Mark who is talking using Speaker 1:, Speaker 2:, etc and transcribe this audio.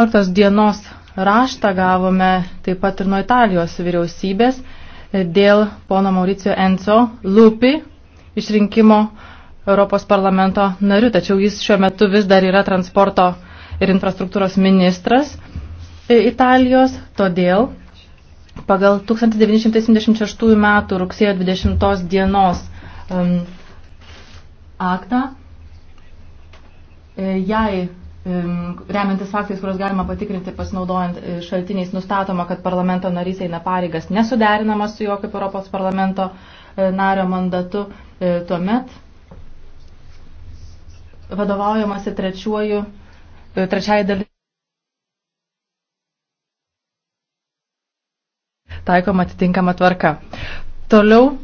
Speaker 1: 14 dienos raštą gavome taip pat ir nuo Italijos vyriausybės e, dėl pono Mauricio Enzo Lupi išrinkimo Europos parlamento nariu, tačiau jis šiuo metu vis dar yra transporto ir infrastruktūros ministras e, Italijos, todėl pagal 1976 metų rugsėjo 20 dienos um, aktą, e, jei remiantis faktais, kuriuos galima patikrinti pasinaudojant e, šaltiniais, nustatoma, kad parlamento narys eina pareigas nesuderinamas su juo kaip Europos parlamento e, nario mandatu, e, tuomet vadovaujamasi trečiuoju, trečiai dalis.
Speaker 2: Taikoma atitinkama
Speaker 3: tvarka. Toliau